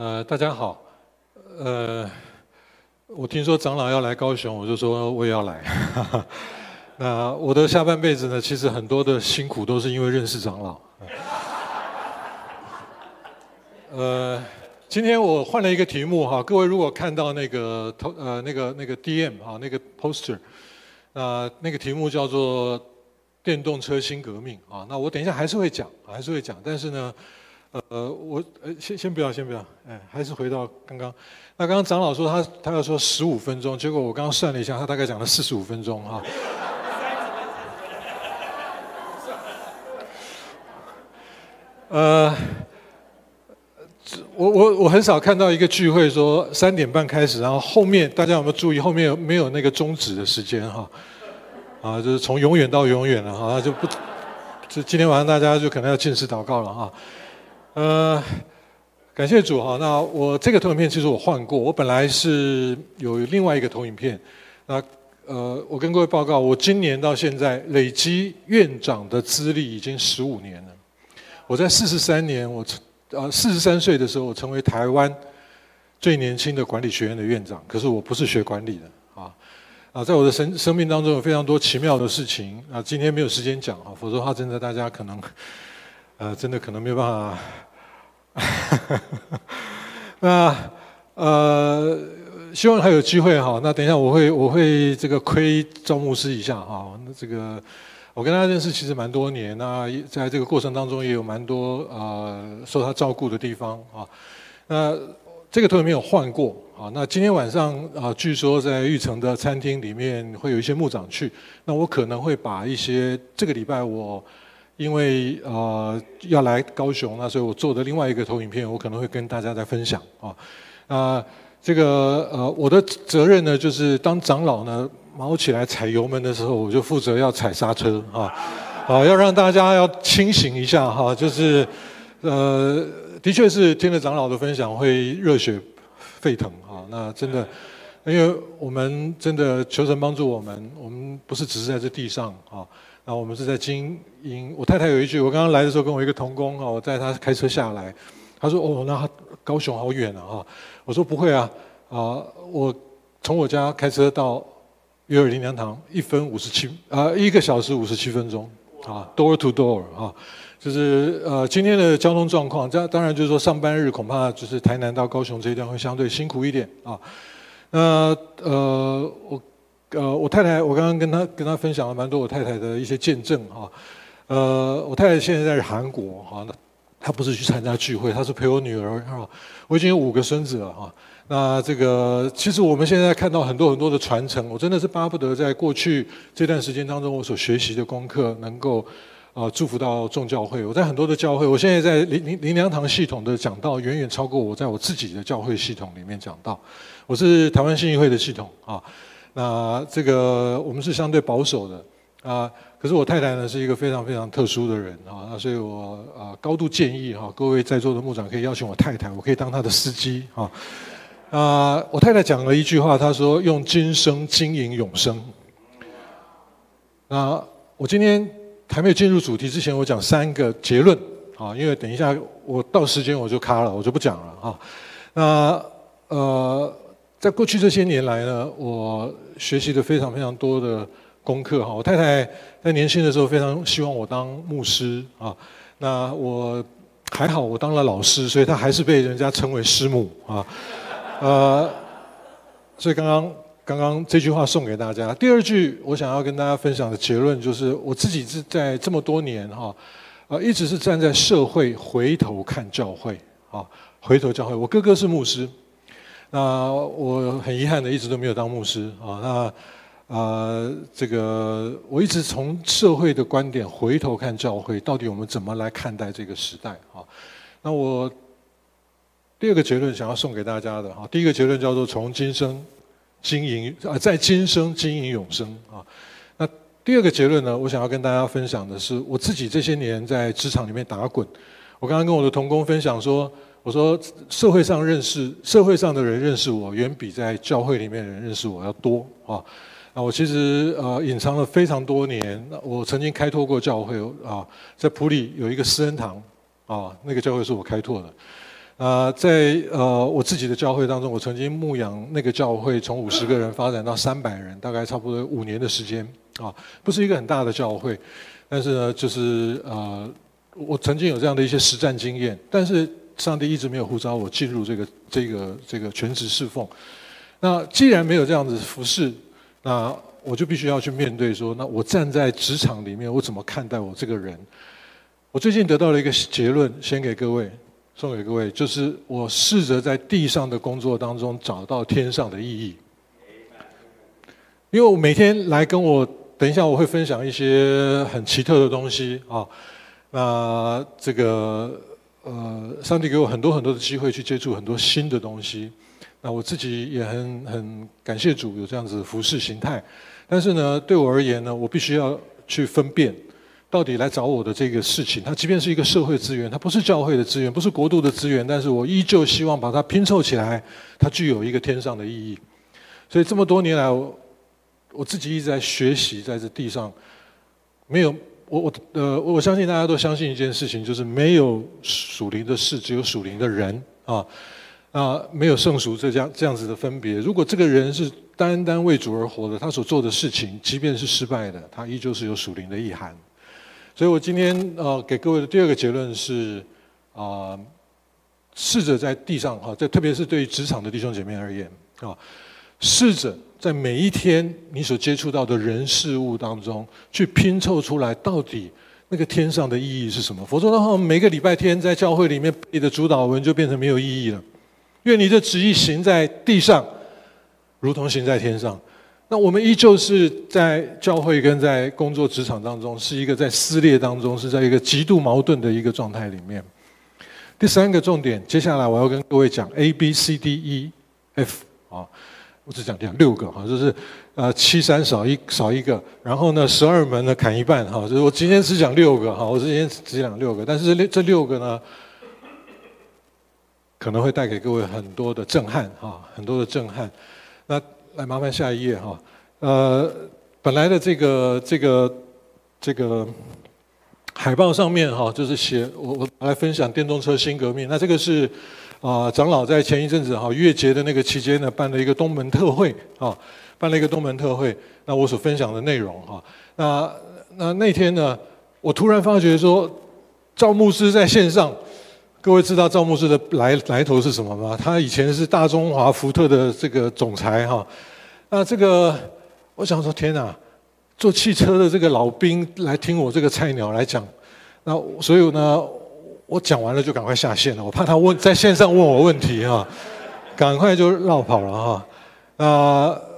呃，大家好，呃，我聽說長老要來高雄，我就說我也要來。 那我的下半輩子呢，其實很多的辛苦都是因為認識長老。 呃，今天我換了一個題目哈，各位如果看到那個頭呃那個那個 DM 啊那個 poster，那那個題目叫做電動車新革命啊，那我等一下還是會講還是會講，但是呢。呃，我呃，先先不要，先不要，哎，還是回到剛剛。那剛剛長老說他，他要說十五分鐘，結果我剛剛算了一下，他大概講了四十五分鐘啊。 呃，我我我很少看到一個聚會說三點半開始，然後後面大家有沒有注意，後面有沒有那個終止的時間哈？啊，就是從永遠到永遠了哈，啊，就不，就今天晚上大家就可能要禁食禱告了啊。呃，感謝主哈。那我這個投影片其實我換過，我本來是有另外一個投影片。那呃，我跟各位報告，我今年到現在累積院長的資歷已經十五年了。我在四十三年，我成呃四十三歲的時候，我成為台灣最年輕的管理學院的院長。可是我不是學管理的啊啊，在我的生生命當中有非常多奇妙的事情啊。今天沒有時間講啊，否則的話真的大家可能呃，真的可能沒有辦法。哈 哈，那呃，希望還有機會哈。那等一下我會我會這個虧張牧師一下啊。那這個我跟他認識其實蠻多年，那在這個過程當中也有蠻多呃受他照顧的地方啊。那這個頭也沒有換過啊。那今天晚上啊，據說在玉成的餐廳裡面會有一些牧長去，那我可能會把一些這個禮拜我。因為呃要來高雄，那所以我做的另外一個投影片，我可能會跟大家再分享啊。啊、哦呃，這個呃我的責任呢，就是當長老呢貓起來踩油門的時候，我就負責要踩剎車啊、哦。啊，要讓大家要清醒一下哈、哦，就是呃的確是聽了長老的分享會熱血沸騰啊、哦。那真的，因為我們真的求神幫助我們，我們不是只是在這地上啊。哦啊，我們是在經營，我太太有一句，我剛剛來的時候跟我一個同工啊，我帶他開車下來，他說：“哦，那高雄好遠啊，啊！”我說：“不會啊，啊，我從我家開車到約珥靈糧堂1分57、啊，一分五十七，呃，一個小時五十七分鐘，啊，door to door 啊，就是呃、啊、今天的交通狀況，這當然就是說上班日恐怕就是台南到高雄這一段會相對辛苦一點啊，那呃我。”呃，我太太，我剛剛跟她跟她分享了蠻多我太太的一些見證啊。呃，我太太現在在韓國啊，她她不是去參加聚會，她是陪我女兒，啊。我已經有五個孫子了啊。那這個，其實我們現在看到很多很多的傳承，我真的是巴不得在過去這段時間當中，我所學習的功課能夠啊祝福到眾教會。我在很多的教會，我現在在靈靈靈糧堂系統的講道遠遠超過我在我自己的教會系統裡面講道。我是台灣信義會的系統啊。那這個我們是相對保守的啊、呃，可是我太太呢是一個非常非常特殊的人啊，那所以我啊、呃、高度建議哈各位在座的牧長可以邀請我太太，我可以當她的司機啊。啊、呃，我太太講了一句話，她說用今生經營永生。那我今天還沒有進入主題之前，我講三個結論啊，因為等一下我到時間我就卡了，我就不講了啊。那呃。在過去這些年來呢，我學習了非常非常多的功課哈。我太太在年輕的時候非常希望我當牧師啊，那我還好，我當了老師，所以她還是被人家稱為師母啊。呃，所以剛剛剛剛這句話送給大家，第二句我想要跟大家分享的結論就是，我自己是在這麼多年哈，呃，一直是站在社會回頭看教會啊，回頭教會。我哥哥是牧師。那我很遺憾的，一直都沒有當牧師啊。那呃，這個我一直從社會的觀點回頭看教會，到底我們怎麼來看待這個時代啊？那我第二個結論想要送給大家的啊，第一個結論叫做從今生經營啊，在今生經營永生啊。那第二個結論呢，我想要跟大家分享的是，我自己這些年在職場裡面打滾，我剛剛跟我的同工分享說。我說，社會上認識社會上的人認識我，遠比在教會裡面的人認識我要多啊。那我其實呃隱藏了非常多年，我曾經開拓過教會啊，在埔里有一個施恩堂啊，那個教會是我開拓的啊。在呃我自己的教會當中，我曾經牧養那個教會，從五十個人發展到三百人，大概差不多五年的時間啊，不是一個很大的教會，但是呢，就是呃我曾經有這樣的一些實戰經驗，但是。上帝一直沒有呼召我進入這個這個這個全職侍奉。那既然沒有這樣子服侍，那我就必須要去面對說，那我站在職場裡面，我怎麼看待我這個人？我最近得到了一個結論，先給各位，送給各位，就是我試着在地上的工作當中找到天上的意義。因為我每天來跟我，等一下我會分享一些很奇特的東西啊。那這個。呃，上帝給我很多很多的機會去接觸很多新的東西，那我自己也很很感謝主有這樣子服侍形態。但是呢，對我而言呢，我必須要去分辨，到底來找我的這個事情，它即便是一個社會資源，它不是教會的資源，不是國度的資源，但是我依舊希望把它拼湊起來，它具有一個天上的意義。所以這麼多年來，我我自己一直在學習，在這地上沒有。我我，呃，我相信大家都相信一件事情，就是沒有屬靈的事，只有屬靈的人啊啊，沒有聖俗這樣這樣子的分別。如果這個人是單單為主而活的，他所做的事情，即便是失敗的，他依舊是有屬靈的意涵。所以我今天呃、啊，給各位的第二個結論是啊，試著在地上哈、啊，這特別是對於職場的弟兄姐妹而言啊，試著。在每一天，你所接觸到的人事物當中，去拼湊出來，到底那個天上的意義是什麼？否則的話，每個禮拜天在教會裡面你的主禱文就變成沒有意義了。願你的旨意行在地上，如同行在天上。那我們依舊是在教會跟在工作職場當中，是一個在撕裂當中，是在一個極度矛盾的一個狀態裡面。第三個重點，接下來我要跟各位講 A B C D E F 啊。我只講講六個哈，就是，呃，七三少一少一個，然後呢，十二門呢砍一半哈，就是我今天只講六個哈，我今天只講六個，但是這六這六個呢，可能會帶給各位很多的震撼哈，很多的震撼。那來麻煩下一頁哈，呃，本來的這個這個這個海報上面哈，就是寫我我來分享電動車新革命，那這個是。啊，長老在前一陣子哈，月結的那個期間呢，辦了一個東門特會啊，辦了一個東門特會。那我所分享的內容哈，那那那天呢，我突然發覺說，趙牧師在線上，各位知道趙牧師的來來頭是什麼嗎？他以前是大中華福特的這個總裁哈。那這個我想說，天哪，做汽車的這個老兵來聽我這個菜鳥來講，那所以呢。我講完了就趕快下線了，我怕他問在線上問我問題啊，趕快就繞跑了哈、啊。那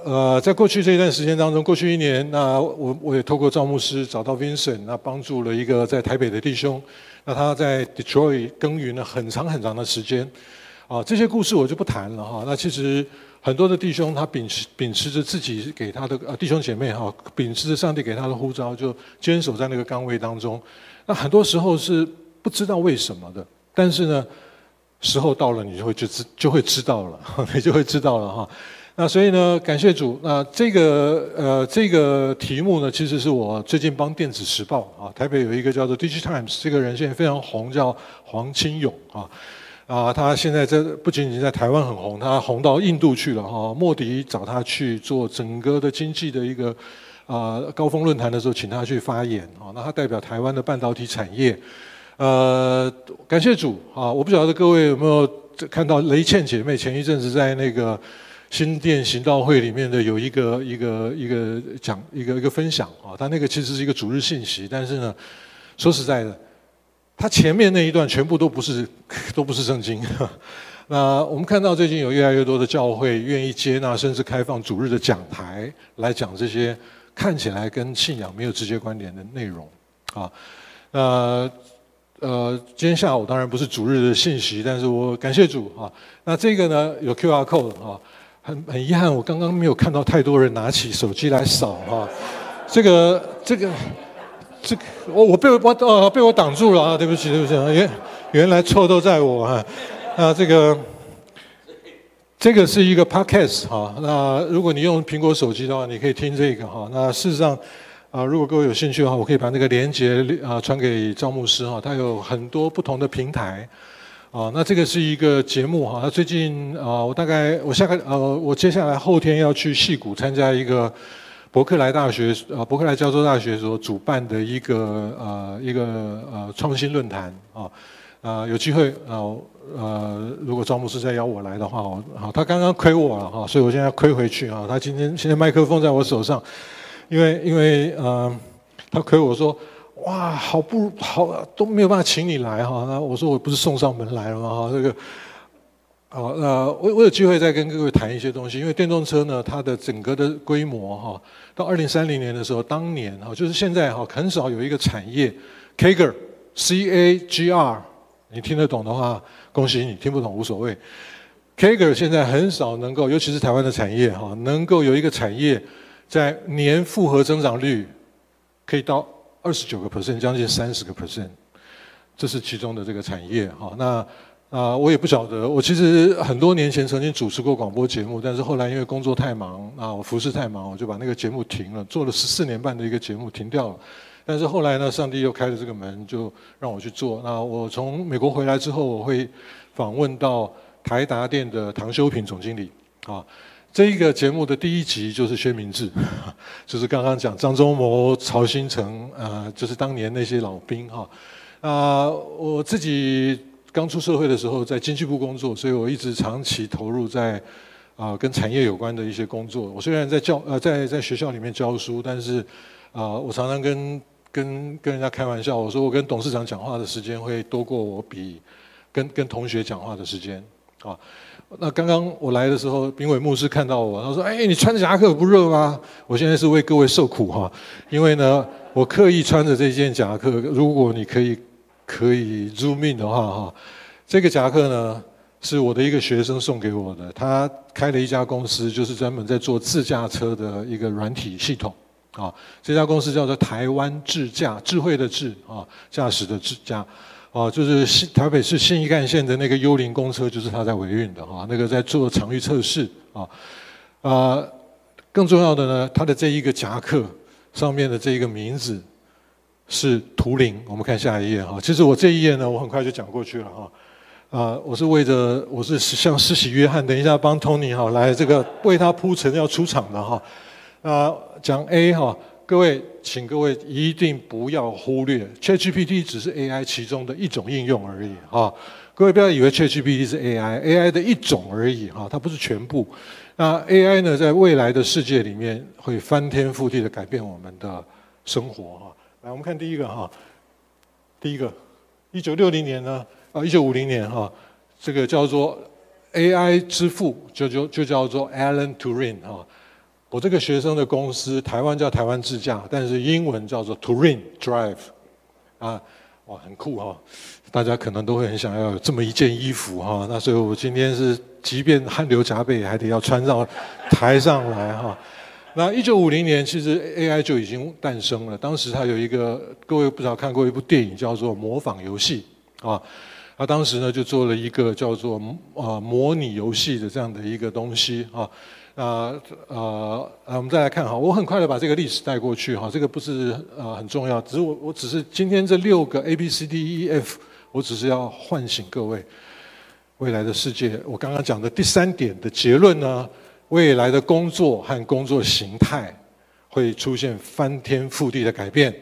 呃，在過去這一段時間當中，過去一年，那我我也透過趙牧師找到 Vincent，那幫助了一個在台北的弟兄，那他在 Detroit 耕耘了很長很長的時間，啊，這些故事我就不談了哈、啊。那其實很多的弟兄他秉持秉持着自己給他的呃、啊、弟兄姐妹哈、哦，秉持着上帝給他的呼召，就堅守在那個崗位當中。那很多時候是。不知道為什麼的，但是呢，時候到了，你就會就知就會知道了，你就會知道了哈。那所以呢，感謝主。那這個呃，這個題目呢，其實是我最近幫《電子時報》啊，台北有一個叫做《DIGITIMES》，這個人現在非常紅，叫黃欽勇啊啊，他現在在不僅僅在台灣很紅，他紅到印度去了哈。莫迪找他去做整個的經濟的一個啊高峰論壇的時候，請他去發言啊，那他代表台灣的半導體產業。呃，感謝主啊！我不曉得各位有沒有看到雷倩姐妹前一陣子在那個新店行道會裡面的有一個一個一個講一個一個分享啊，她那個其實是一個主日信息，但是呢，說實在的，她前面那一段全部都不是都不是聖經呵呵。那我們看到最近有越來越多的教會願意接納甚至開放主日的講台來講這些看起來跟信仰沒有直接關聯的內容啊，呃。呃，今天下午當然不是主日的信息，但是我感謝主啊。那這個呢有 QR code 啊，很很遺憾，我剛剛沒有看到太多人拿起手機來掃哈。這個這個這個，我我被我哦、呃、被我擋住了啊，對不起對不起，原原來錯都在我啊。那這個這個是一個 Podcast 哈，那如果你用蘋果手機的話，你可以聽這個哈。那事實上。啊，如果各位有興趣的話，我可以把那個連結啊傳給趙牧師哈，他、啊、有很多不同的平台，啊，那這個是一個節目哈，他、啊、最近啊，我大概我下個呃、啊，我接下來後天要去矽谷參加一個柏克萊大學呃、啊、柏克萊加州大學所主辦的一個呃、啊、一個呃創、啊、新論壇啊，啊，有機會啊呃，如果趙牧師再邀我來的話，好，他剛剛虧我了哈，所以我現在要虧回去啊，他今天現在麥克風在我手上。因為因為呃，他虧我說，哇，好不好都沒有辦法請你來哈。那我說我不是送上門來了嗎？哈，這個，啊呃，我我有機會再跟各位談一些東西。因為電動車呢，它的整個的規模哈，到二零三零年的時候，當年哈，就是現在哈，很少有一個產業，Kager C A G R，你聽得懂的話，恭喜你；聽不懂無所謂。Kager 現在很少能夠，尤其是台灣的產業哈，能夠有一個產業。在年複合增長率可以到二十九個 percent，將近三十個 percent，這是其中的這個產業。好，那、呃、啊，我也不曉得，我其實很多年前曾經主持過廣播節目，但是後來因為工作太忙啊，我服事太忙，我就把那個節目停了，做了十四年半的一個節目停掉了。但是後來呢，上帝又開了這個門，就讓我去做。那我從美國回來之後，我會訪問到台達電的唐修平總經理啊。這一個節目的第一集就是薛明志。就是剛剛講張忠謀、曹興誠。呃，就是當年那些老兵哈。啊，我自己剛出社會的時候在經濟部工作，所以我一直長期投入在啊跟產業有關的一些工作。我雖然在教呃在在，在學校裡面教書，但是啊我常常跟跟跟人家開玩笑，我說我跟董事長講話的時間會多過我比跟跟同學講話的時間啊。那剛剛我來的時候，丙偉牧師看到我，他說：“哎，你穿的夾克不熱嗎？”我現在是為各位受苦哈，因為呢，我刻意穿着這件夾克。如果你可以可以 Zoom in 的話哈，這個夾克呢是我的一個學生送給我的，他開了一家公司，就是專門在做自駕車的一個軟體系統啊。這家公司叫做台灣智駕，智慧的智啊，駕駛的智駕。哦，就是台北市新一幹線的那個幽靈公車，就是他在維運的哈，那個在做場域測試啊。呃，更重要的呢，他的這一個夾克上面的這一個名字是圖靈。我們看下一頁哈，其實我這一頁呢，我很快就講過去了哈。啊，我是為着，我是像施洗約翰等一下幫 Tony 哈來這個為他鋪陳要出場的哈。啊，講 A 哈。各位，請各位一定不要忽略，ChatGPT 只是 AI 其中的一種應用而已，哈，各位不要以為 ChatGPT 是 AI，AI AI 的一種而已，哈，它不是全部。那 AI 呢，在未來的世界裡面會翻天覆地的改變我們的生活哈，來，我們看第一個哈，第一個，一九六零年呢，啊，一九五零年哈，這個叫做 AI 之父，就就就叫做 Alan Turing 哈。我這個學生的公司，台灣叫台灣智駕，但是英文叫做 Turing Drive，啊，哇，很酷哈、哦！大家可能都會很想要有這麼一件衣服哈、啊。那所以我今天是，即便汗流浹背，還得要穿到台上來哈、啊。那一九五零年，其實 AI 就已經誕生了。當時他有一個，各位不少看過一部電影叫做《模仿遊戲》，啊，他、啊、當時呢就做了一個叫做啊模擬遊戲的這樣的一個東西啊。啊，呃，呃，我們再來看哈，我很快的把這個歷史帶過去哈，這個不是呃很重要，只是我我只是今天這六個 A、B、C、D、E、F，我只是要喚醒各位未來的世界。我剛剛講的第三點的結論呢，未來的工作和工作形態會出現翻天覆地的改變。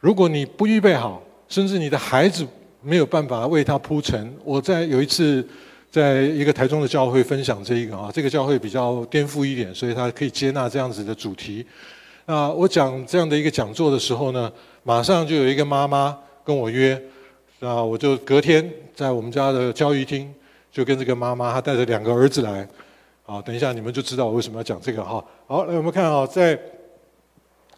如果你不預備好，甚至你的孩子沒有辦法為他鋪陳。我在有一次。在一個台中的教會分享這一個啊，這個教會比較顛覆一點，所以他可以接納這樣子的主題。那我講這樣的一個講座的時候呢，馬上就有一個媽媽跟我約，那我就隔天在我們家的教育廳就跟這個媽媽，她帶着兩個兒子來。啊，等一下你們就知道我為什麼要講這個哈。好，來我們看啊，在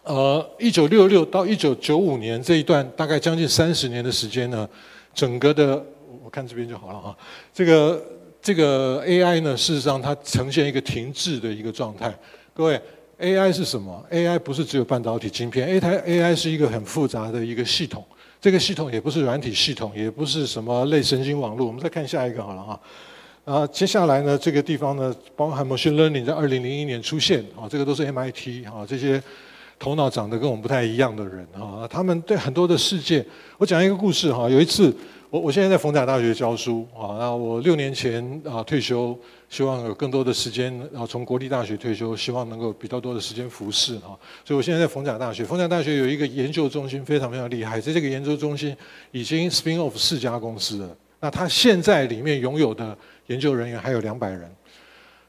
呃一九六六到一九九五年這一段，大概將近三十年的時間呢，整個的，看這邊就好了啊，這個這個 AI 呢，事實上它呈現一個停滯的一個狀態。各位，AI 是什麼？AI 不是只有半導體晶片，AI AI 是一個很複雜的一個系統。這個系統也不是軟體系統，也不是什麼類神經網絡。我們再看下一個好了哈。啊，接下來呢，這個地方呢，包含 machine learning 在二零零一年出現啊，這個都是 MIT 啊，這些頭腦長得跟我們不太一樣的人啊，他們對很多的世界，我講一個故事哈，有一次。我我現在在逢甲大學教書啊，那我六年前啊退休，希望有更多的時間啊從國立大學退休，希望能夠比較多的時間服侍，所以我現在在逢甲大學。逢甲大學有一個研究中心非常非常厲害，在這個研究中心已經 spin off 四家公司了，那它現在裡面擁有的研究人員還有兩百人。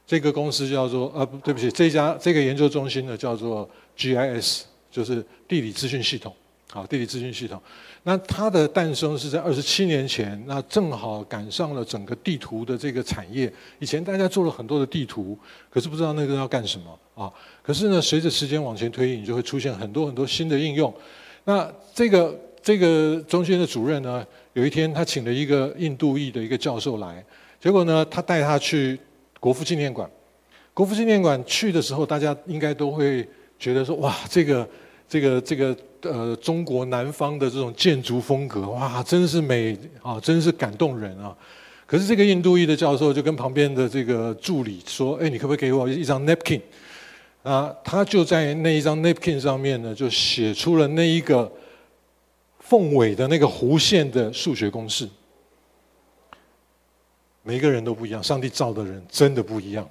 這個公司叫做啊，不對不起，這家這個研究中心呢，叫做 GIS，就是地理資訊系統，啊，地理資訊系統。那它的誕生是在二十七年前，那正好趕上了整個地圖的這個產業。以前大家做了很多的地圖，可是不知道那個要幹什麼啊。可是呢，隨着時間往前推移，你就會出現很多很多新的應用。那這個這個中心的主任呢，有一天他請了一個印度裔的一個教授來，結果呢，他帶他去國父紀念館。國父紀念館去的時候，大家應該都會覺得說，哇，這個。這個這個呃，中國南方的這種建築風格，哇，真是美啊，真是感動人啊！可是這個印度裔的教授就跟旁邊的這個助理說：“哎，你可不可以給我一張 napkin？” 啊，他就在那一張 napkin 上面呢，就寫出了那一個鳳尾的那個弧線的數學公式。每個人都不一樣，上帝造的人真的不一樣。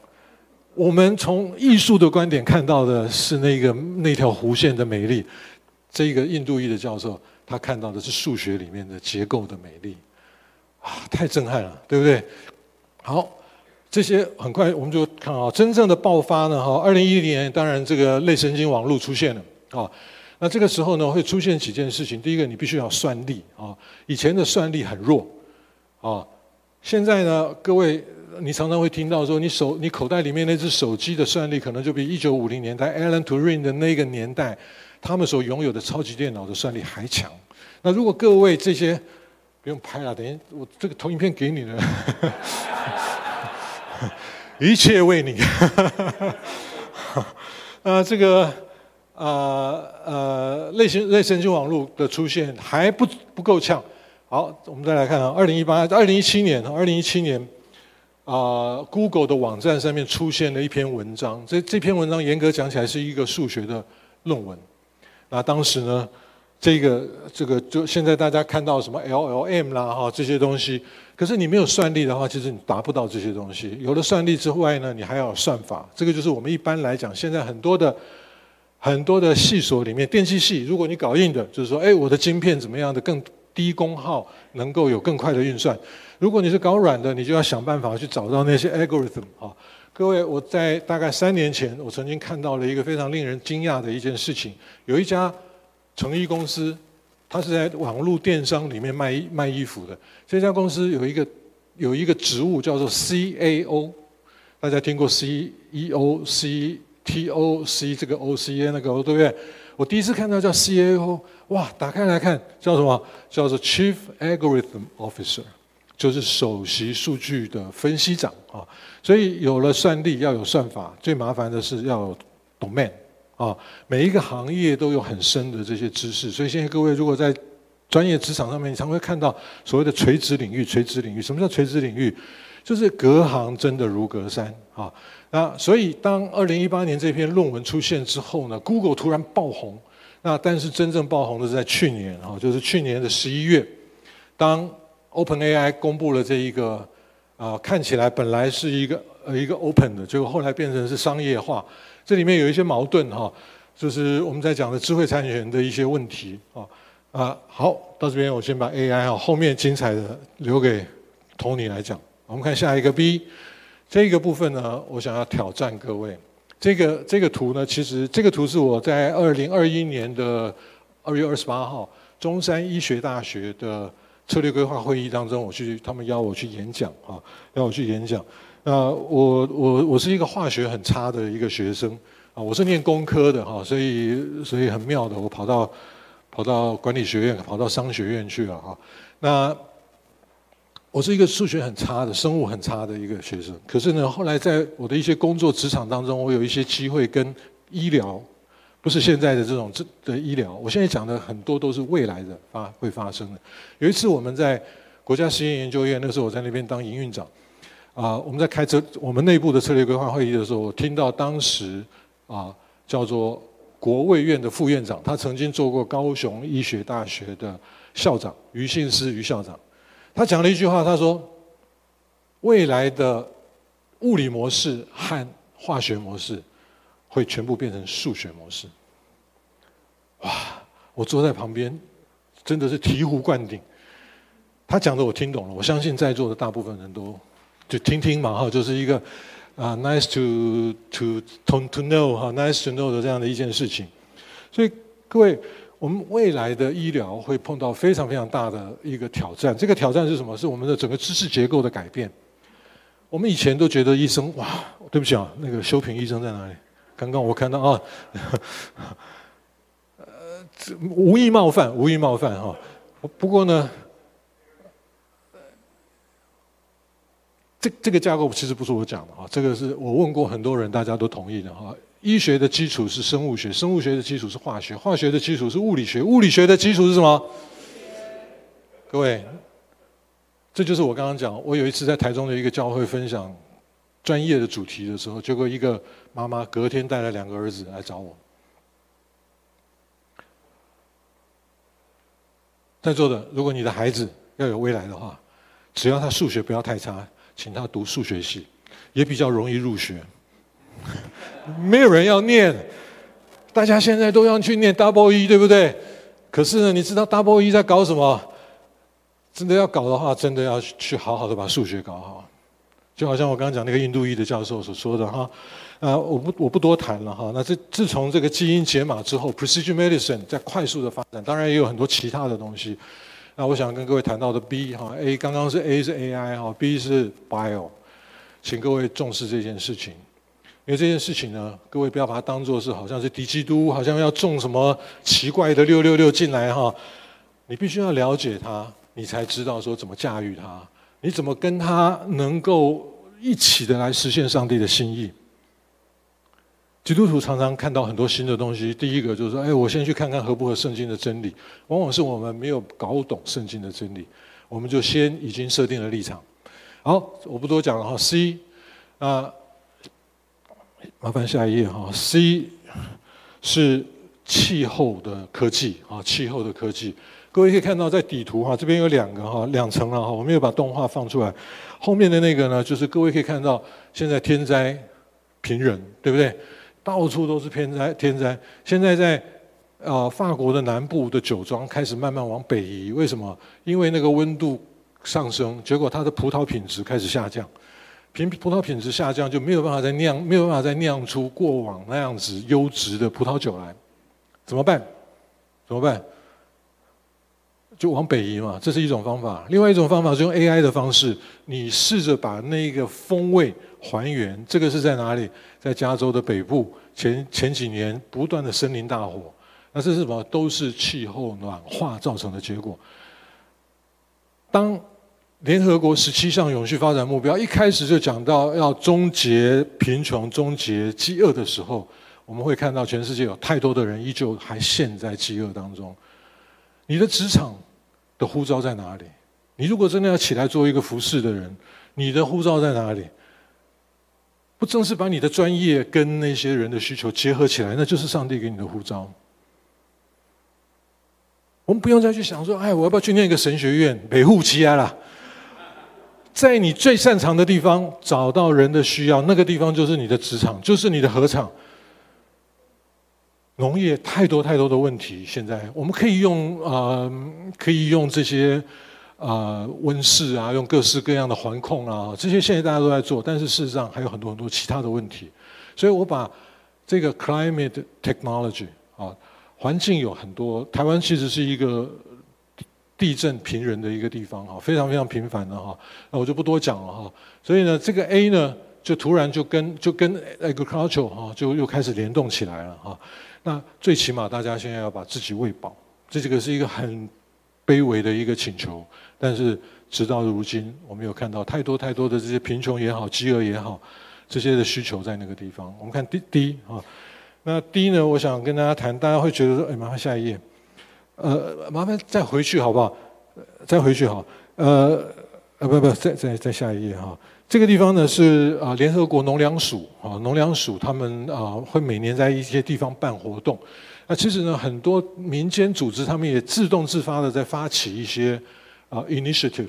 我們從藝術的觀點看到的是那個那條弧線的美麗，這個印度裔的教授他看到的是數學裡面的結構的美麗，啊，太震撼了，對不對？好，這些很快我們就看啊，真正的爆發呢哈，二零一零年當然這個類神經網絡出現了啊，那這個時候呢會出現幾件事情，第一個你必須要算力啊，以前的算力很弱啊，現在呢各位。你常常會聽到說，你手你口袋裡面那隻手機的算力，可能就比一九五零年代 Alan Turing 的那個年代他們所擁有的超級電腦的算力還強。那如果各位這些不用拍了，等於我這個投影片給你了，一切為你那、這個。呃，這個呃呃，類型類神經網絡的出現還不不夠嗆。好，我們再來看啊，二零一八，二零一七年，二零一七年。啊、uh，Google 的網站上面出現了一篇文章，這這篇文章嚴格講起來是一個數學的論文。那當時呢，這個這個就現在大家看到什麼 LLM 啦哈這些東西，可是你沒有算力的話，其實你達不到這些東西。有了算力之外呢，你還要有算法。這個就是我們一般來講，現在很多的很多的系所裡面，電機系如果你搞硬的，就是說，哎，我的晶片怎麼樣的更低功耗能夠有更快的運算。如果你是搞軟的，你就要想辦法去找到那些 algorithm 啊。各位，我在大概三年前，我曾經看到了一個非常令人驚訝的一件事情。有一家成衣公司，它是在網絡電商裡面賣賣衣服的。這家公司有一個有一個職務叫做 C A O，大家聽過 C E O C T O C 這個 O C A 那個 O 對不對？我第一次看到叫 C A O。哇，打開來看，叫什麼？叫做 Chief Algorithm Officer，就是首席數據的分析長啊。所以有了算力，要有算法，最麻煩的是要有 domain 啊。每一個行業都有很深的這些知識。所以現在各位如果在專業職場上面，你常會看到所謂的垂直領域，垂直領域。什麼叫垂直領域？就是隔行真的如隔山啊。那所以當二零一八年這篇論文出現之後呢，Google 突然爆紅。那但是真正爆紅的是在去年哈，就是去年的十一月，當 OpenAI 公布了這一個，啊、看起來本來是一個呃一個 open 的，結果後來變成是商業化，這裡面有一些矛盾哈、啊，就是我們在講的智慧產權的一些問題啊啊好，到這邊我先把 AI 啊後面精彩的留給 Tony 來講，我們看下一個 B，這個部分呢，我想要挑戰各位。這個這個圖呢，其實這個圖是我在二零二一年的二月二十八號中山醫學大學的策略規劃會議當中，我去他們邀我去演講哈，邀我去演講。那我我我是一個化學很差的一個學生啊，我是唸工科的哈，所以所以很妙的，我跑到跑到管理學院，跑到商學院去了哈。那我是一個數學很差的，生物很差的一個學生，可是呢，後來在我的一些工作職場當中，我有一些機會跟醫療，不是現在的這種這的醫療。我現在講的很多都是未來的發會發生的。有一次我們在國家實驗研究院，那個時候我在那邊當營運長，啊，我們在開車，我們內部的策略規劃會議的時候，我聽到當時啊叫做國衛院的副院長，他曾經做過高雄醫學大學的校長，余幸司余校長。他講了一句話，他說：“未來的物理模式和化學模式會全部變成數學模式。”哇！我坐在旁邊，真的是醍醐灌頂。他講的我聽懂了，我相信在座的大部分人都就聽聽嘛哈，就是一個啊、uh，nice to to to, to know 哈、uh，nice to know 的這樣的一件事情。所以各位。我們未來的醫療會碰到非常非常大的一個挑戰，這個挑戰是什麼？是我們的整個知識結構的改變。我們以前都覺得醫生，哇，對不起啊，那個修平醫生在哪裡？剛剛我看到啊、哦，呃，無意冒犯，無意冒犯哈。不過呢，這這個架構其實不是我講的哈，這個是我問過很多人，大家都同意的哈。醫學的基礎是生物學，生物學的基礎是化學，化學的基礎是物理學，物理學的基礎是什麼？ 各位，這就是我剛剛講。我有一次在台中的一個教會分享專業的主題的時候，結果一個媽媽隔天帶了兩個兒子來找我。在座的，如果你的孩子要有未來的話，只要他數學不要太差，請他讀數學系，也比較容易入學。沒有人要念，大家現在都要去念 Double E，對不對？可是呢，你知道 Double E 在搞什麼？真的要搞的話，真的要去好好的把數學搞好。就好像我剛剛講那個印度裔的教授所說的哈，啊，我不我不多談了哈、啊。那這自從這個基因解碼之後，Precision Medicine 在快速的發展，當然也有很多其他的東西。那我想跟各位談到的 B 哈、啊、A 剛剛是 A 是 AI 哈 B 是 Bio，請各位重視這件事情。因為這件事情呢，各位不要把它當做是好像是敵基督，好像要種什麼奇怪的六六六進來哈。你必須要了解它，你才知道說怎麼駕馭它，你怎麼跟它能夠一起的來實現上帝的心意。基督徒常常看到很多新的東西，第一個就是說，哎，我先去看看合不合聖經的真理。往往是我們沒有搞懂聖經的真理，我們就先已經設定了立場。好，我不多講了哈。C 啊。麻煩下一頁哈，C 是氣候的科技啊，氣候的科技。各位可以看到，在底圖哈，這邊有兩個哈，兩層了哈，我們有把動畫放出來。後面的那個呢，就是各位可以看到，現在天災頻仍對不對？到處都是天災天災。現在在呃法國的南部的酒莊開始慢慢往北移，為什麼？因為那個溫度上升，結果它的葡萄品質開始下降。葡萄品質下降就沒有辦法再釀，沒有辦法再釀出過往那樣子優質的葡萄酒來，怎麼辦？怎麼辦？就往北移嘛，這是一種方法。另外一種方法是用 AI 的方式，你試着把那個風味還原。這個是在哪裡？在加州的北部，前前幾年不斷的森林大火，那這是什麼？都是氣候暖化造成的結果。當。聯合國十七項永續發展目標一開始就講到要終結貧窮、終結饑餓的時候，我們會看到全世界有太多的人依舊還陷在饑餓當中。你的職場的呼召在哪裡？你如果真的要起來做一個服侍的人，你的呼召在哪裡？不正是把你的專業跟那些人的需求結合起來，那就是上帝給你的呼召。我們不用再去想說，哎，我要不要去念一個神學院，北戶起來了啦。在你最擅長的地方找到人的需要，那個地方就是你的職場，就是你的禾場。農業太多太多的問題，現在我們可以用呃，可以用這些呃溫室啊，用各式各樣的環控啊，這些現在大家都在做，但是事實上還有很多很多其他的問題。所以我把這個 climate technology 啊，環境有很多，台灣其實是一個。地震平人的一個地方哈，非常非常頻繁的哈，那我就不多講了哈。所以呢，這個 A 呢，就突然就跟就跟 agriculture 哈，就又開始聯動起來了哈。那最起碼大家現在要把自己餵飽，這這個是一個很卑微的一個請求。但是直到如今，我們有看到太多太多的這些貧窮也好，飢餓也好，這些的需求在那個地方。我們看 D，D 哈，那 D 呢，我想跟大家談，大家會覺得說，哎，麻煩下一頁。呃，麻煩再回去好不好？再回去哈。呃，呃，不不，再再再下一頁哈。這個地方呢是啊，聯合國農糧署啊，農糧署他們啊會每年在一些地方辦活動。那其實呢，很多民間組織他們也自動自發的在發起一些啊 initiative。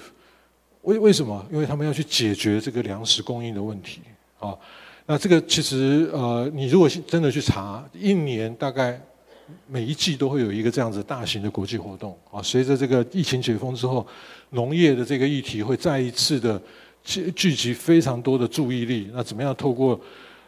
為為什麼？因為他們要去解決這個糧食供應的問題啊。那這個其實呃，你如果是真的去查，一年大概。每一季都會有一個這樣子大型的國際活動啊，隨着這個疫情解封之後，農業的這個議題會再一次的聚聚集非常多的注意力。那怎麼樣透過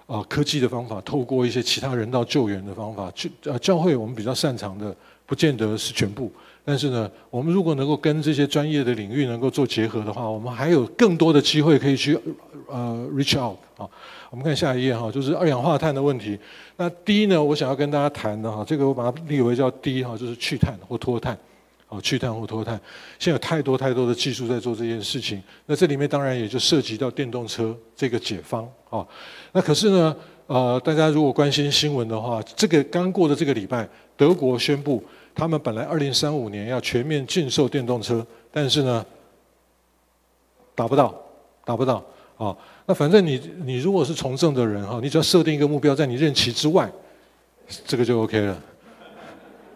啊科技的方法，透過一些其他人道救援的方法去呃教會我們比較擅長的，不見得是全部。但是呢，我們如果能夠跟這些專業的領域能夠做結合的話，我們還有更多的機會可以去，呃，reach out 啊。我們看下一頁哈，就是二氧化碳的問題。那第一呢，我想要跟大家談的哈，這個我把它列為叫第一哈，就是去碳或脫碳。啊，去碳或脫碳，現在有太多太多的技術在做這件事情。那這裡面當然也就涉及到電動車這個解方。啊。那可是呢，呃，大家如果關心新聞的話，這個剛過的這個禮拜，德國宣布。他們本來二零三五年要全面禁售電動車，但是呢，達不到，達不到啊。那反正你你如果是從政的人哈，你只要設定一個目標在你任期之外，這個就 OK 了，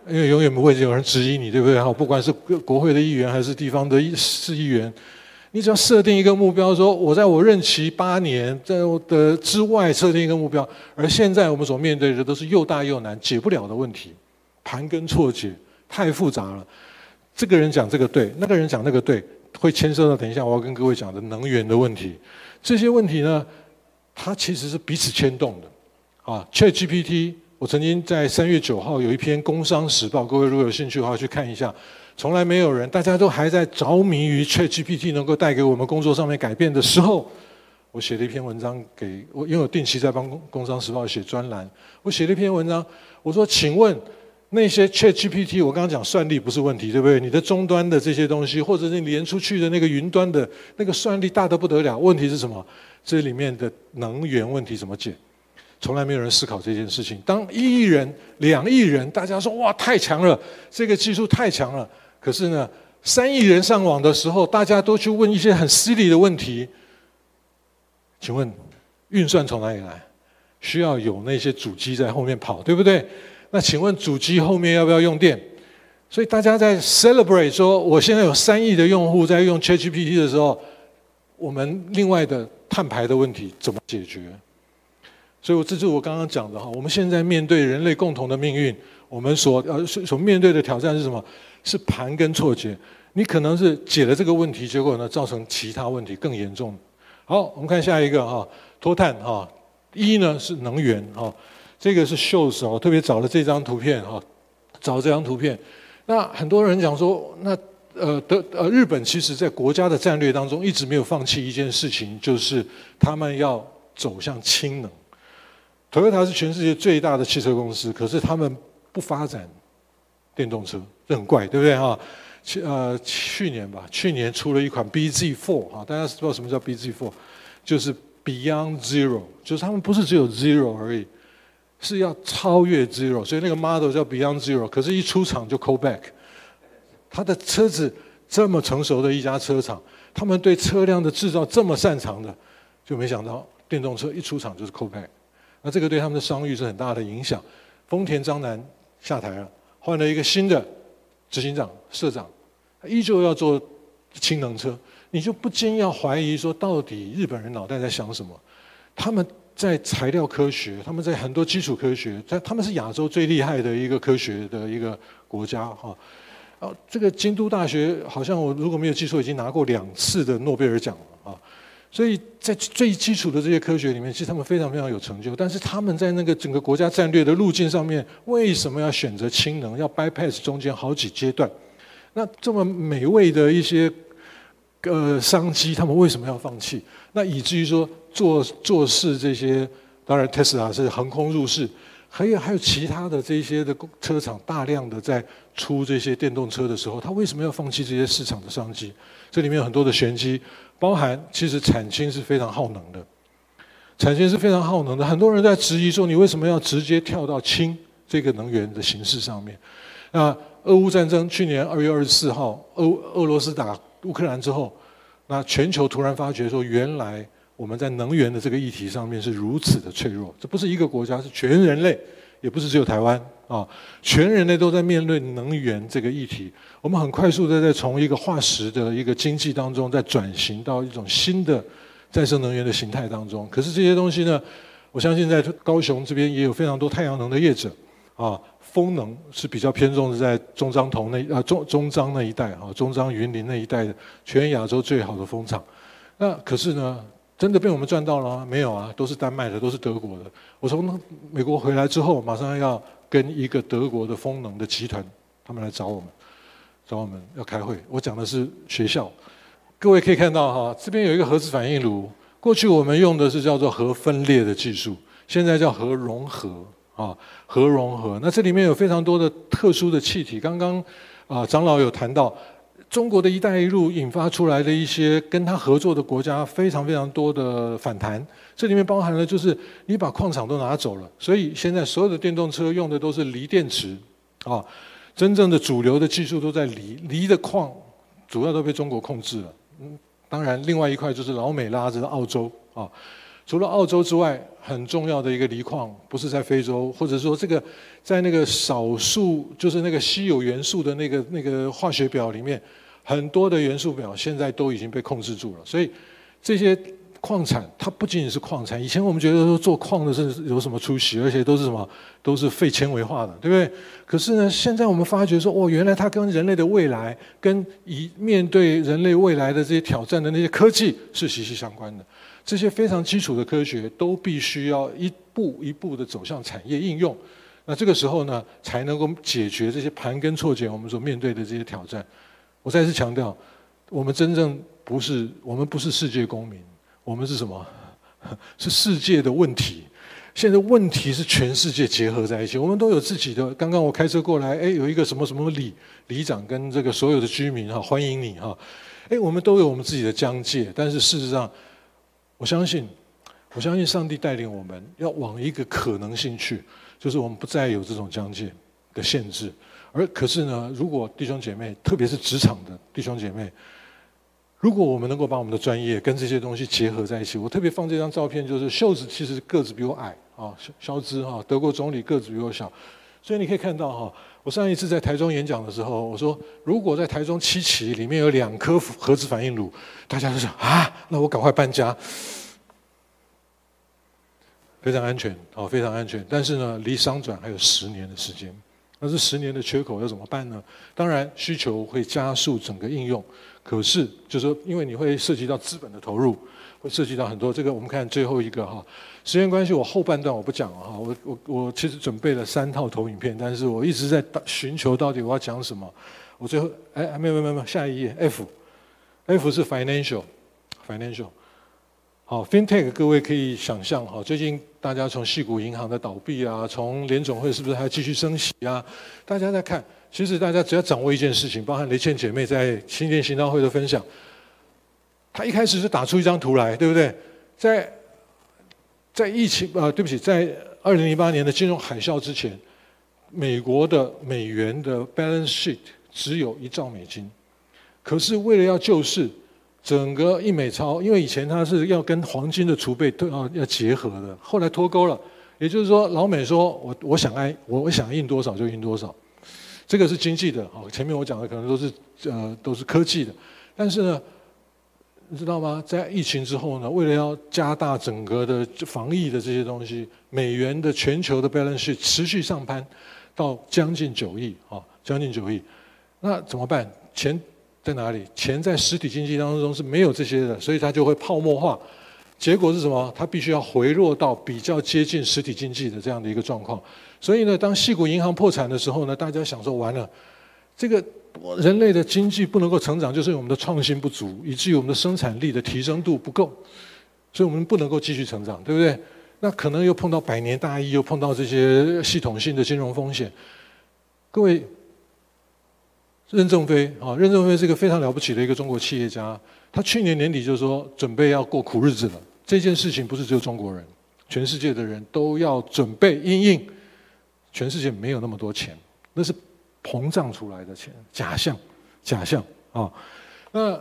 因為永遠不會有人質疑你對不對？哈，不管是國會的議員還是地方的市議員，你只要設定一個目標，說我在我任期八年，在我的之外設定一個目標。而現在我們所面對的都是又大又難，解不了的問題。盤根錯節，太複雜了。這個人講這個對，那個人講那個對，會牽涉到等一下我要跟各位講的能源的問題。這些問題呢，它其實是彼此牽動的。啊，Chat GPT，我曾經在三月九號有一篇《工商時報》，各位如果有興趣的話去看一下。從來沒有人，大家都還在着迷於 Chat GPT 能夠帶給我們工作上面改變的時候，我寫了一篇文章給我，因為我定期在幫《工商時報》寫專欄，我寫了一篇文章，我說，請問。那些 ChatGPT，我剛剛講算力不是問題，對不對？你的終端的這些東西，或者是你連出去的那個雲端的那個算力大得不得了。問題是什麼？這裡面的能源問題怎麼解？從來沒有人思考這件事情。當一億人、兩億人，大家說哇太強了，這個技術太強了。可是呢，三億人上網的時候，大家都去問一些很犀利的問題。請問，運算從哪裡來？需要有那些主機在後面跑，對不對？那請問主機後面要不要用電？所以大家在 celebrate 說我現在有三億的用戶在用 ChatGPT 的時候，我們另外的碳排的問題怎麼解決？所以這就是我剛剛講的哈，我們現在面對人類共同的命運，我們所呃所所面對的挑戰是什麼？是盤根錯節，你可能是解了這個問題，結果呢造成其他問題更嚴重。好，我們看下一個哈，脫碳哈，一呢是能源哈。這個是秀斯哦特別找了這張圖片哈，找了這張圖片。那很多人講說，那呃德呃日本其實在國家的戰略當中一直沒有放棄一件事情，就是他們要走向氫能。Toyota 是全世界最大的汽車公司，可是他們不發展電動車，這很怪，對不對啊？去呃去年吧，去年出了一款 BZ Four 啊，大家知道什麼叫 BZ Four？就是 Beyond Zero，就是他們不是只有 Zero 而已，是要超越 Zero，所以那個 model 叫 Beyond Zero，可是一出廠就 call back。他的車子，這麼成熟的一家車廠，他們對車輛的製造這麼擅長的，就沒想到電動車一出廠就是 call back。那這個對他們的商譽是很大的影響。豐田章男下台了，換了一個新的執行長、社長，依舊要做氫能車。你就不禁要懷疑說，到底日本人腦袋在想什麼？他們。在材料科學，他們在很多基礎科學，在他們是亞洲最厲害的一個科學的一個國家哈，這個京都大學好像我如果沒有記錯，已經拿過兩次的諾貝爾獎了啊，所以在最基礎的這些科學裡面，其實他們非常非常有成就。但是他們在那個整個國家戰略的路徑上面，為什麼要選擇氫能，要 bypass 中間好幾階段？那這麼美味的一些，呃，商機，他們為什麼要放棄？那以至於說做做事這些，當然特斯拉是橫空入世，還有還有其他的這些的車廠，大量的在出這些電動車的時候，他為什麼要放棄這些市場的商機？這裡面有很多的玄機，包含其實產氫是非常耗能的，產氫是非常耗能的。很多人在質疑說，你為什麼要直接跳到氫這個能源的形式上面？那俄烏戰爭去年二月二十四號，俄俄羅斯打。烏克蘭之後，那全球突然發覺說，原來我們在能源的這個議題上面是如此的脆弱。這不是一個國家，是全人類，也不是只有台灣啊，全人類都在面對能源這個議題。我們很快速的在從一個化石的一個經濟當中，再轉型到一種新的再生能源的形態當中。可是這些東西呢，我相信在高雄這邊也有非常多太陽能的業者啊。風能是比較偏重的在中彰投那啊，中中彰那一帶啊，中彰雲林那一帶的全亞洲最好的風場，那可是呢，真的被我們賺到了嗎？沒有啊，都是丹麥的，都是德國的。我從美國回來之後，馬上要跟一個德國的風能的集團，他們來找我們，找我們要開會。我講的是學校，各位可以看到哈，這邊有一個核子反應爐。過去我們用的是叫做核分裂的技術，現在叫核融合。啊，核融合。那這裡面有非常多的特殊的氣體。剛剛啊，長老有談到中國的一帶一路引發出來的一些跟他合作的國家非常非常多的反彈。這裡面包含了就是你把礦場都拿走了，所以現在所有的電動車用的都是鋰電池啊。真正的主流的技術都在鋰，鋰的礦主要都被中國控制了。嗯，當然，另外一塊就是老美拉着澳洲啊。除了澳洲之外，很重要的一個鋰礦不是在非洲，或者說這個在那個少數就是那個稀有元素的那個那個化學表裡面，很多的元素表現在都已經被控制住了。所以這些礦產它不僅僅是礦產，以前我們覺得說做礦的是有什麼出息，而且都是什麼都是廢纖維化的，對不對？可是呢，現在我們發覺說，哦，原來它跟人類的未來，跟以面對人類未來的這些挑戰的那些科技是息息相關的。這些非常基礎的科學都必須要一步一步的走向產業應用，那這個時候呢，才能夠解決這些盤根錯節我們所面對的這些挑戰。我再次強調，我們真正不是，我們不是世界公民，我們是什麼？是世界的問題。現在問題是全世界結合在一起，我們都有自己的。剛剛我開車過來，誒，有一個什麼什麼里里長跟這個所有的居民哈，歡迎你哈。誒，我們都有我們自己的疆界，但是事實上。我相信，我相信上帝帶領我們要往一個可能性去，就是我們不再有這種疆界的限制。而可是呢，如果弟兄姐妹，特別是職場的弟兄姐妹，如果我們能夠把我們的專業跟這些東西結合在一起，我特別放這張照片，就是蕭茲其實個子比我矮啊，蕭、蕭茲啊，德國總理個子比我小。所以你可以看到哈，我上一次在台中演講的時候，我說如果在台中七期裡面有兩顆核子反應爐，大家都想啊，那我趕快搬家，非常安全。好，非常安全。但是呢，離商轉還有十年的時間，那這十年的缺口要怎麼辦呢？當然需求會加速整個應用，可是就是說，因為你會涉及到資本的投入，會涉及到很多。這個我們看最後一個哈。時間關係，我後半段我不講了哈。我我我其實準備了三套投影片，但是我一直在尋求到底我要講什麼。我最後哎、欸，沒有沒有沒有，下一頁 F，F 是 financial，financial financial。好，FinTech 各位可以想象哈，最近大家從矽谷銀行的倒閉啊，從聯總會是不是還繼續升息啊？大家在看，其實大家只要掌握一件事情，包含雷倩姐妹在新店行道會的分享，她一開始是打出一張圖來，對不對？在在疫情啊，對不起，在二零零八年的金融海嘯之前，美國的美元的 balance sheet 只有一兆美金。可是為了要救市，整個印美鈔，因為以前它是要跟黃金的儲備都要要結合的，後來脫鈎了。也就是說，老美說我我想哎我我想印多少就印多少，這個是經濟的。好，前面我講的可能都是呃都是科技的，但是呢。你知道嗎？在疫情之後呢，為了要加大整個的防疫的這些東西，美元的全球的 balance 持續上攀，到將近九億啊，將近九億。那怎麼辦？錢在哪裡？錢在實體經濟當中是沒有這些的，所以它就會泡沫化。結果是什麼？它必須要回落到比較接近實體經濟的這樣的一個狀況。所以呢，當矽谷銀行破產的時候呢，大家想說完了，這個。人類的經濟不能夠成長，就是因為我們的創新不足，以至於我們的生產力的提升度不夠，所以我們不能夠繼續成長，對不對？那可能又碰到百年大疫，又碰到這些系統性的金融風險。各位，任正非啊，任正非是一個非常了不起的一個中國企業家，他去年年底就說準備要過苦日子了。這件事情不是只有中國人，全世界的人都要準備因應，全世界沒有那麼多錢，那是。膨脹出來的錢，假象、假象啊，哦！那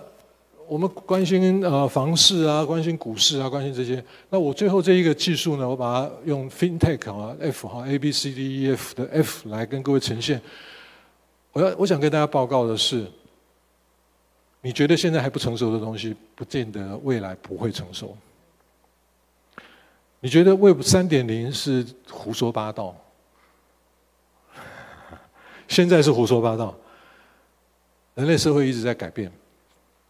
我們關心呃房市啊，關心股市啊，關心這些。那我最後這一個技術呢，我把它用 FinTech 啊，F 哈 A B C D E F 的 F 來跟各位呈現。我要我想跟大家報告的是，你覺得現在還不成熟的東西，不見得未來不會成熟。你覺得 Web 三點零是胡說八道？現在是胡說八道。人類社會一直在改變，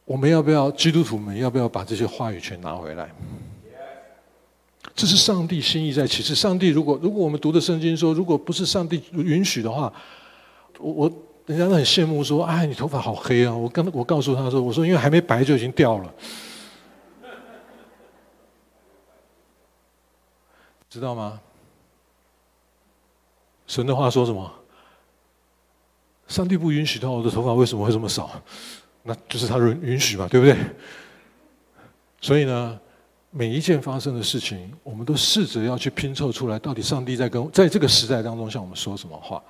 我們要不要基督徒們？要不要把這些話語權拿回來？這是上帝心意在啟示。上帝如果如果我們讀的聖經說，如果不是上帝允許的話，我我人家都很羨慕說：“哎，你頭髮好黑啊！”我剛我告訴他說：“我說因為還沒白就已經掉了。”知道嗎？神的話說什麼？上帝不允許的話，我的頭髮為什麼會這麼少？那就是他允允許嘛，對不對？所以呢，每一件發生的事情，我們都試着要去拼湊出來，到底上帝在跟在這個時代當中向我們說什麼話。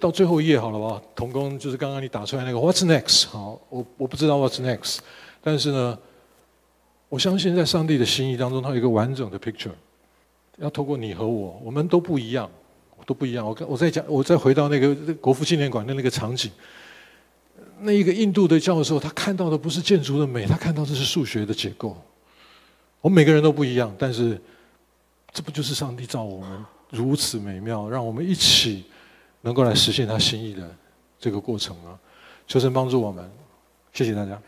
到最後一頁好了吧，同工就是剛剛你打出來那個 What's next？好，我我不知道 What's next，但是呢，我相信在上帝的心意當中，他有一個完整的 picture，要透過你和我，我們都不一樣。都不一樣。我跟我再講，我再回到那個國父紀念館的那個場景，那一個印度的教授，他看到的不是建築的美，他看到的是數學的結構。我們每個人都不一樣，但是這不就是上帝造我們如此美妙，讓我們一起能夠來實現他心意的這個過程嗎？求神幫助我們，謝謝大家。